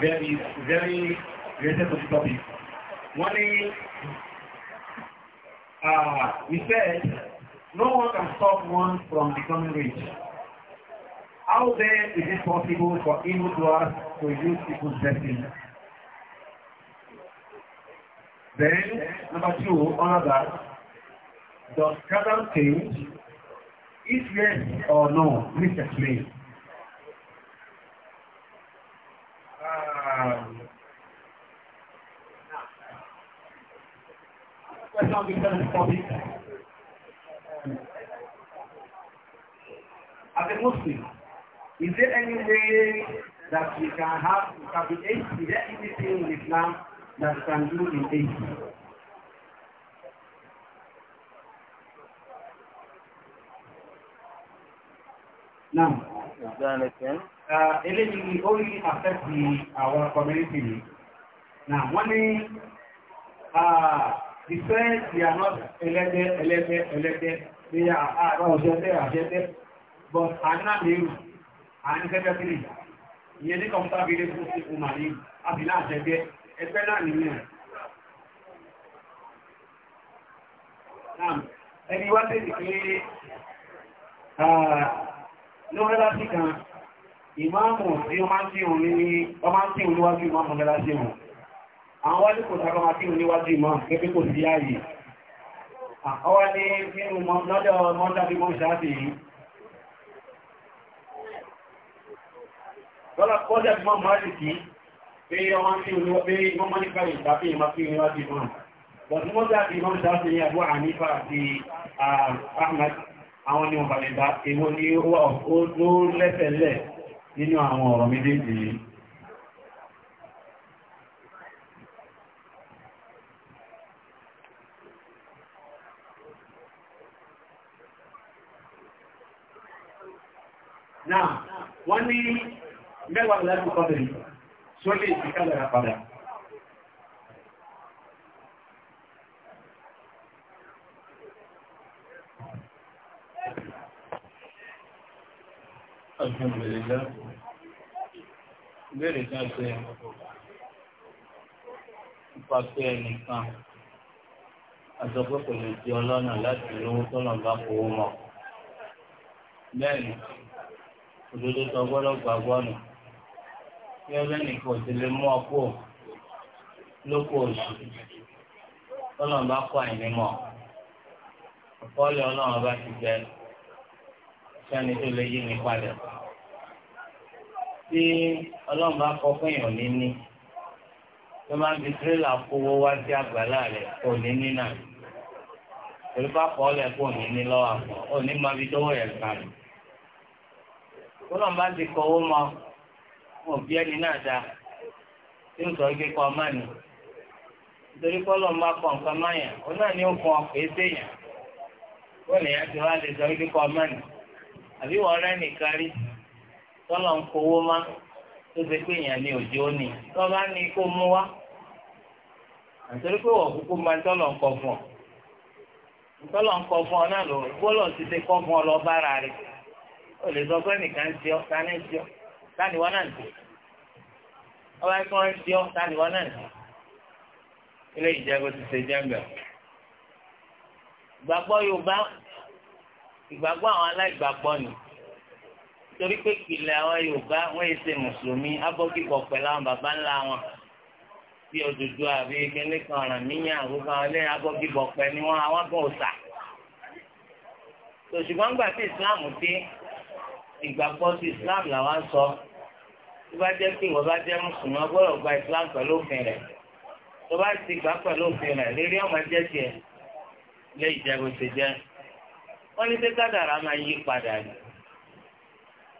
Very, very related to the topic. One is, uh, we said, no one can stop one from becoming rich. How then is it possible for evil doers to use people's destiny? Then, number two, on that, does Kadam change if yes or no, please explain. Um, as a Muslim, is there any way that we can have, we can be Is there anything in Islam that can do in eight? Náà. Eléyìí ó rí àfẹ́sì àwọn community ni. Náà wọ́n ah, they are not ẹlẹ́gbẹ́ ẹlẹ́gbẹ́ ẹlẹ́gbẹ́ they are àárọ̀ ah, ọ̀ṣẹ́gbẹ́ ọ̀ṣẹ́gbẹ́ but àná lérò àní gẹ́gẹ́ kiri ìyẹn ní kọ̀m̀pútà bíi fún sí fún màní àbílà àṣẹgbẹ́ ẹgbẹ́ náà nìyẹn. Náà ẹni wá sí ìpínlẹ̀ ah, mọ́sálásí kan ìmáàmù tí ó máa ń tí òun níwájú ìmáàmù mọ́sálásí wọn àwọn wájú kò sàkọ́ máa tí òun níwájú ìmáàmù pẹ́pẹ́ kò sí ààyè ọwá ní nínú lọ́dọ̀ mọ́sábí mọ́sáàtì yìí lọ́dọ̀ kọ́jẹ́ tí mọ́ mọ́sáàtì kìí pé ọmọ tí ó pé mọ́mọ́ nípa ìtàfí ìmá tí ó níwájú ìmáàmù àwọn ni wọ́n bà lè bá ewó ní ó lẹ́fẹ̀lẹ̀ nínú àwọn ọ̀rọ̀ méjèèjì yìí náà wọ́n ní mẹ́wàá lẹ́nu kọ́bìnrin sólè ìkàlẹ̀ àpàdà alhamdulillah ìbéèrè kan ṣe nípa pé ẹnìkan àtọ́pẹ́ kò lè di ọlọ́nà láti lówó tọ́nà bá kówó mọ́ bẹ́ẹ̀ ni òdodo tó gbọ́dọ̀ gbàgbọ́ nù kí ẹgbẹ́ nìkan ti lè mú ọkọ lóko oṣù tọ́nà bá kọ́ àìní mọ́ ọ̀pọ̀ ọlọ́run bá ti jẹ sẹ́ni tó lè yí mi padà tí ọlọ́run bá kọ fún èèyàn níní tó máa ń fi tírélà kówó wá sí àgbàlá rẹ̀ kò níní náà torí bá kọ́ ọ́ lẹ̀ kò níní lọ́wọ́ àpọ̀ ò ní máa fi dọ́wọ́ yẹn kàn mí. ọlọ́run bá ti kọ́ owó mọ wọn bí ẹni náà dá tí ń sọ ike kọ́ ọmọ ni nítorí kọ́ ọlọ́run bá kọ́ nǹkan máa yàn náà ni ó kọ́ èé séyàn wọ́n lè yá ti wá lè sọ ike kọ́ ọmọ ni àbí wọ́n rẹ́ nìkan rí. tọ́lọ̀ ń kówó má tó ṣe pé èèyàn òjò ó tó bá ní kó mú wá pé wọ́n kúkú máa tọ́lọ̀ ń kọ nìkan ń ṣe ń ṣe ni wọ́n náà ń ṣe ọba tí wọ́n ń ṣe wọ́n náà ń ṣe ilé ìjẹ́gbó ti ṣe ìgbàgbọ́ Yorùbá ìgbàgbọ́ àwọn aláìgbàgbọ́ torí pé ìpìlẹ̀ àwọn Yorùbá wọ́n yìí ṣe mùsùlùmí abọ́kíkọ̀ pẹ̀lú àwọn bàbá ńlá wọn bí òdòdó àbí kíní kan ọ̀ràn míyàn àgùkọ àwọn ẹlẹ́yìn abọ́kíkọ̀ pẹ̀ ni wọ́n àwọn kan ò sà. tòṣùgbọ́n gbà tí Islam dé ìgbàgbọ́ sí Islam làwọn sọ tó bá jẹ́ pé wọ́n bá jẹ́ mùsùlùmí wọ́n gba Islam pẹ̀lú òfin rẹ̀ tó bá ti gbà pẹ̀lú òfin rẹ̀ lérí ọmọ jẹ́ tiẹ̀ lé ìjẹ́bù ti jẹ́ wọ́n ní pé máa yí padà ni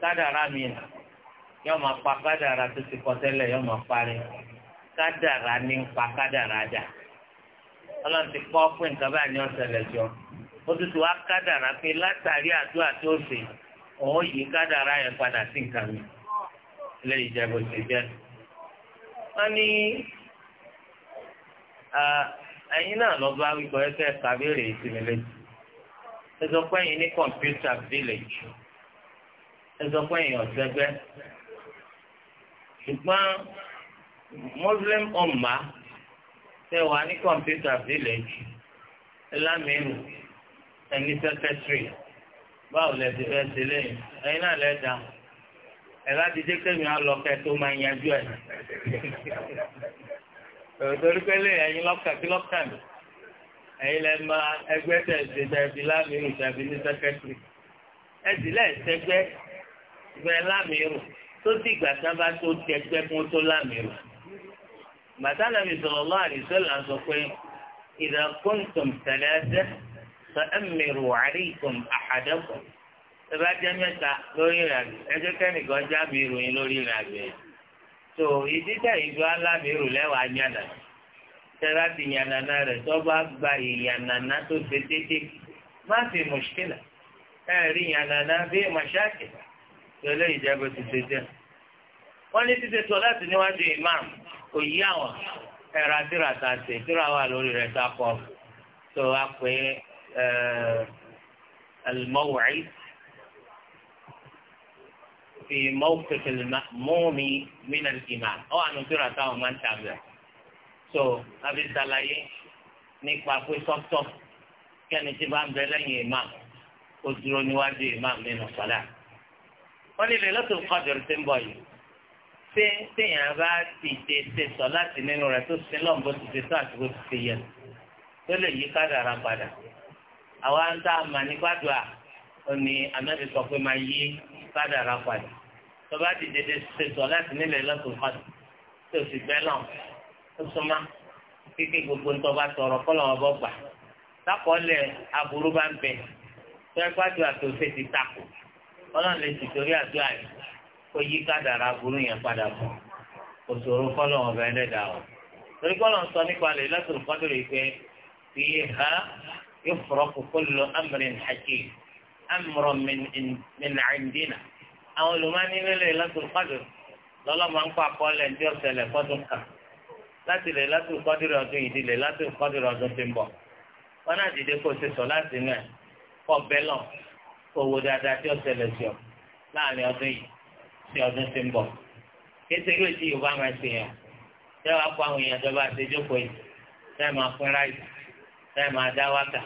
kádàrá mi yóò máa pa kádàrá tó ti kọ tẹ́lẹ̀ yóò máa parí kádàrá ní ń pa kádàrá dà ọlọ́run ti kọ́ pé nǹkan báyìí ni ọ̀sẹ̀ lẹ́jọ́ ó tún ti wá kádàrá pé látàrí àdúrà tó ṣe òun yí kádàrá yẹn padà sí nǹkan mi ilé ìjẹ̀bù ti jẹ́ wọ́n ní ẹ̀yin náà lọ bá wípé ẹ̀kẹ́ kàbéèrè ìsinmi lẹ́jọ́ ẹ sọ pé ẹ̀yin ní computer village ẹsọ fún èèyàn sẹgbẹ ṣùgbọ́n muslim ọmọ ṣe wà ní kọ̀mpútà village ẹlámìíràn ẹni sẹkẹtìrì báwo lẹ ti fẹ́ ṣe lẹ́yìn ẹ̀yin náà lẹ dá ẹ láti jẹ kẹmí alọkẹ tó máa yanjú ẹ torí pé lè ẹ̀yin lọkà kí lọkà mi ẹ̀yin lẹ máa ẹgbẹ́ tẹ ṣe tẹbi lámìíràn tẹbi ní sẹkẹtìrì ẹ sì lẹ ṣẹgbẹ́ gbẹ lámìíràn tó dìgbà tán bá tó dẹgbẹ fún tó lámìíràn bàtà nàbì sallallahu alaihi wasallam sọ pé idha kuntum thalatha fa ammiru alaykum ahadakum ẹ bá jẹ mẹ́ta lórí ìrìnàjò ẹjẹ kẹnìkan jábì ìròyìn lórí ìrìnàjò yẹn tó ìdí tẹ̀yìndó alámìíràn lẹ́wàá yànnà tẹ́lá ti yànnàná rẹ̀ tó gba ìyànnàná tó ṣe déédéé má fi mùṣkílà ẹ̀ rí yànnàná bí mọ̀ṣáàkì tẹ́lẹ̀ ìjẹ́bù ti ṣe jẹ́ wọ́n ní títí sọ láti níwájú imam kò yí àwọn ẹ̀rọ tíra ta ṣe tíra wà lórí rẹ̀ ta kọ́ tó a pè é alimọ́wàí fi mọ́wùkẹ́kẹ́lì mọ́wùmí mìíràn imam ọ̀ àná tíra táwọn máa ń tàbẹ̀ so àbí ṣàlàyé nípa pé sọ́tọ̀ kí ẹni tí bá ń bẹ lẹ́yìn imam ó dúró níwájú imam nínú sọ́lá wọ́n ní Lailatul Qadr tí ń bọ̀ yìí ṣé téèyàn bá ti ṣe ṣe sọ láti nínú rẹ̀ tó ṣe lọ́n bó ti ṣe tó àti bó ti ṣe yẹ tó lè yí kádàrá padà àwa ń tá a mà ní gbàdúrà ó ní anábì sọ pé máa yí kádàrá padà tó bá ti dédé ṣe sọ láti ní Lailatul Qadr tó sì bẹ́ lọ́n ó súnmọ́ kíkí gbogbo ń tọ́ba tọrọ kọ́ lọ́wọ́ bọ́ gbà lákọ̀ọ́lẹ̀ aburú bá ń bẹ ọlọ́run lè sì torí àdúrà yìí kó yí kádàrá burú yẹn padà fún kò sòro kọ́lọ̀ ọ̀bẹ ẹlẹ́dàá o torí sọ nípa lè lọ́sọ̀rọ̀ kọ́dọ̀rọ̀ yìí pé ha yóò fọ̀rọ̀ kókó lọ amúrin hakim amúrọ̀ mìnàndínà àwọn olùmọ́ni nílé lọ́sọ̀rọ̀ lọ́lọ́ máa kan láti lè lọ́sọ̀rọ̀ ọdún yìí lè lọ́sọ̀rọ̀ ọdún ń bọ̀ wọn náà dìde sọ láti náà kọ́ bẹ́lọ̀ owó dáadáa tí ó ṣẹlẹ̀ sí ọ láàrin ọdún yìí sí ọdún tí ń bọ̀ kéṣe yóò tí yorùbá máa ṣe yàn tẹ́ wàá kó àwọn èèyàn jọba àtẹjọ́pọ̀ yìí tẹ́ máa pín ráìsì tẹ́ máa dá wákà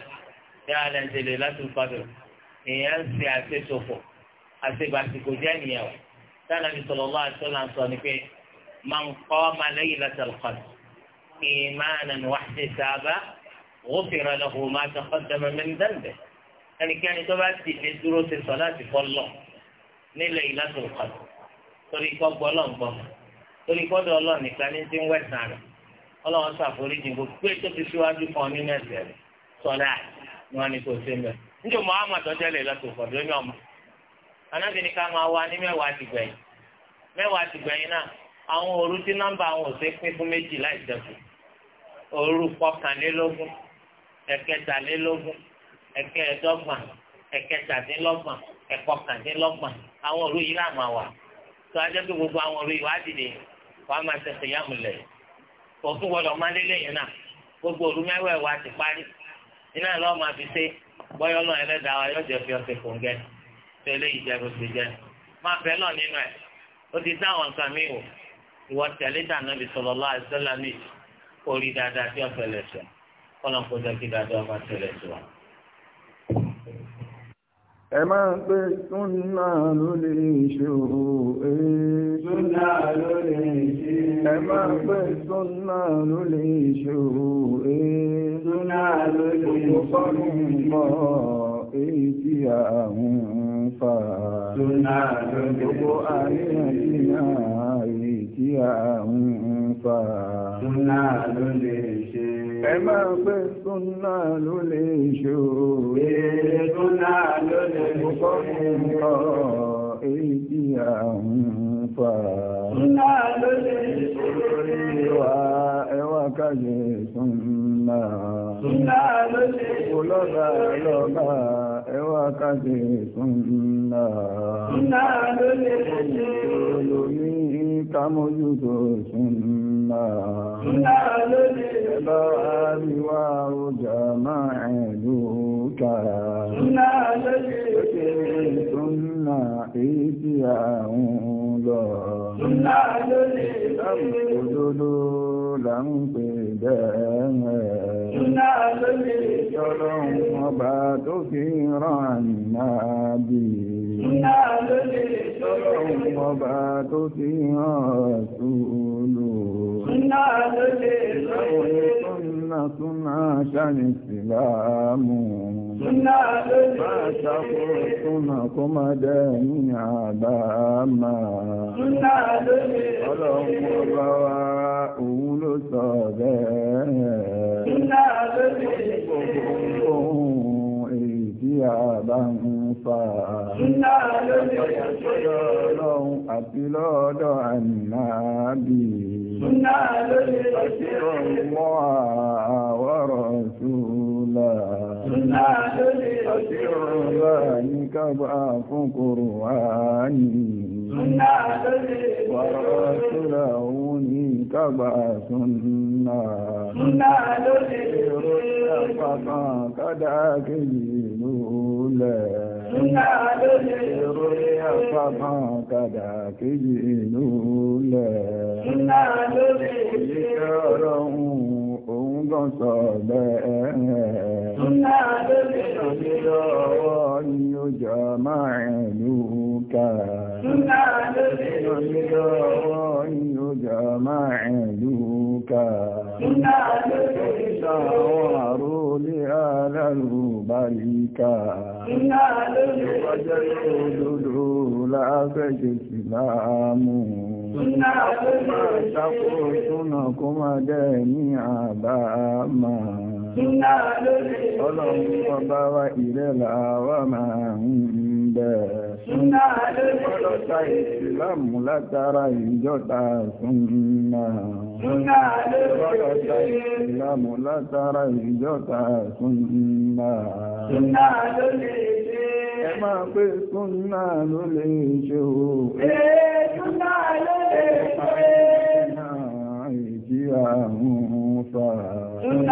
tẹ́ wàá lẹ́nu tẹ̀lé láti ìfọdọ̀ èèyàn ń ṣe àṣeṣòfò àṣebàṣìkò jẹ́ nìyẹn o sanabi sallallahu alaihi wasallam sọ ni pé man qama laylatal qadr imanan wa ihtisaban ghufira lahu ma taqaddama min dhanbihi ẹnikẹ́ni tó bá ti lè dúró ṣe sọ láti kọ́ lọ nílẹ̀ ìlàtọ̀ kan torí kọ́ gbọ́ lọ́n gbọ́ torí kọ́ dọ̀ ọlọ́ọ̀ nìkan ní ti ń wẹ̀sán rẹ̀ ọlọ́run ṣàforíjì gbogbo ètò ti síwájú kan nínú ẹ̀sẹ̀ rẹ̀ sọ̀dá ni wọ́n ní kò ṣe mẹ́. níjọ́ muhammad ọjọ́ lè lọ́tò fọ̀dọ́ ní ọmọ anábì ní ká máa wá ní mẹ́wàá ti gbẹ̀yìn mẹ́wàá ti gbẹ̀yìn náà àwọn òru tí nọ́mbà àwọn ò ṣe pín fún méjì láì dẹ́kun òru kọkànlélógún ẹ̀kẹtàlélógún ẹ̀kẹ́ ẹ̀dọ́gbọ̀n ẹ̀kẹtàdínlọ́gbọ̀n ẹ̀kọkàndínlọ́gbọ̀n àwọn òru yìí láàmú àwà tó ajẹ́ pé gbogbo àwọn òru yìí wàá dìde wàá máa ṣe ṣèyàmù lẹ̀ òtún gbọdọ̀ má lé lẹ́yìn náà gbogbo òru mẹ́wẹ̀ẹ́ wa ti parí iná lọ́ọ́ máa fi ṣe bọ́yọ́ náà ẹlẹ́dàá wa yóò jẹ́ fi ọ̀sẹ̀ kòǹgẹ́ tó eléyìí jẹ́ gbèsè jẹ́ máa bẹ́ lọ nínú ẹ̀ ó ti dá àwọn nǹkan mi wò ìwọ tẹ̀lé dànù bí sallallahu alaihi wasallam orí dáadáa tí ọ̀sẹ̀ lẹ̀ sọ kọ́nà kó jẹ́ kí dáadáa ọba tẹ̀lé sọ ẹ máa ń pé súnà ló lè ṣe òhò ee súnà ló lè ṣe ẹ máa ń pé súnà ló lè ṣe òhò súnà ló lè ṣe súnà ló lè ṣe súnà ló lè ṣe ẹ máa pé súnà ló lè ṣòro èrè súnà ló lè ṣòro èyí tí a ń fà súnà ló lè ṣòro ìwà ẹwà káyé súnà súnà ló lè ṣòro kàmójútó súnmà lọ àríwá ọjà máa ẹ̀lú kàrà súnmà èyí tí àwọn lọ òdòdó là ń pè bẹ́ẹ̀ Ọlọ́run ọba tó fi rán àmì وما تطيع رسوله سنة عشان السلام فاتقوا كما داني عباما ọlọ́run ọba wa òun ló sọ bẹ́ẹ̀. fà á. Iná ló lè ṣòro. Ọlọ́run àti lọ́dọ̀ ànábì. Iná ló lè ṣòro. Mọ́ àwọ̀rọ̀ ṣúlá. Iná ló lè ṣòro. Láàní kábà fún kòrò wáyé. Iná ló lè ṣòro. Wàrọ̀ ṣúlá òun ní kábà súnná. Iná ló lè ṣòro. Ìrọ̀lẹ́ pàtàkì kádà kejì lóòlẹ̀. Ìròyìn àpamọ́ kàdà kéjì ìlú lẹ̀. Ìṣẹ́ ọlọ́run òun gan sọ bẹ́ẹ̀. Ìṣẹ́ ọwọ́ ni ó Olódò lábẹ́jẹ̀ sí láàmú. Ṣàkóso náà kó máa dẹ́ ní àbámà ọlọ́run ọba wa ìrẹ́là wa máa ń bẹ̀ ọlọ́ta ìsìlámù látara ìjọta súnmà ọlọ́ta ìsìlámù látara ìjọta súnmà ẹ máa pé súnmà ló lè ṣe o ẹ súnmà ló lè ṣe o Súnà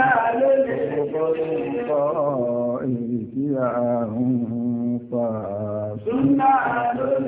ló lè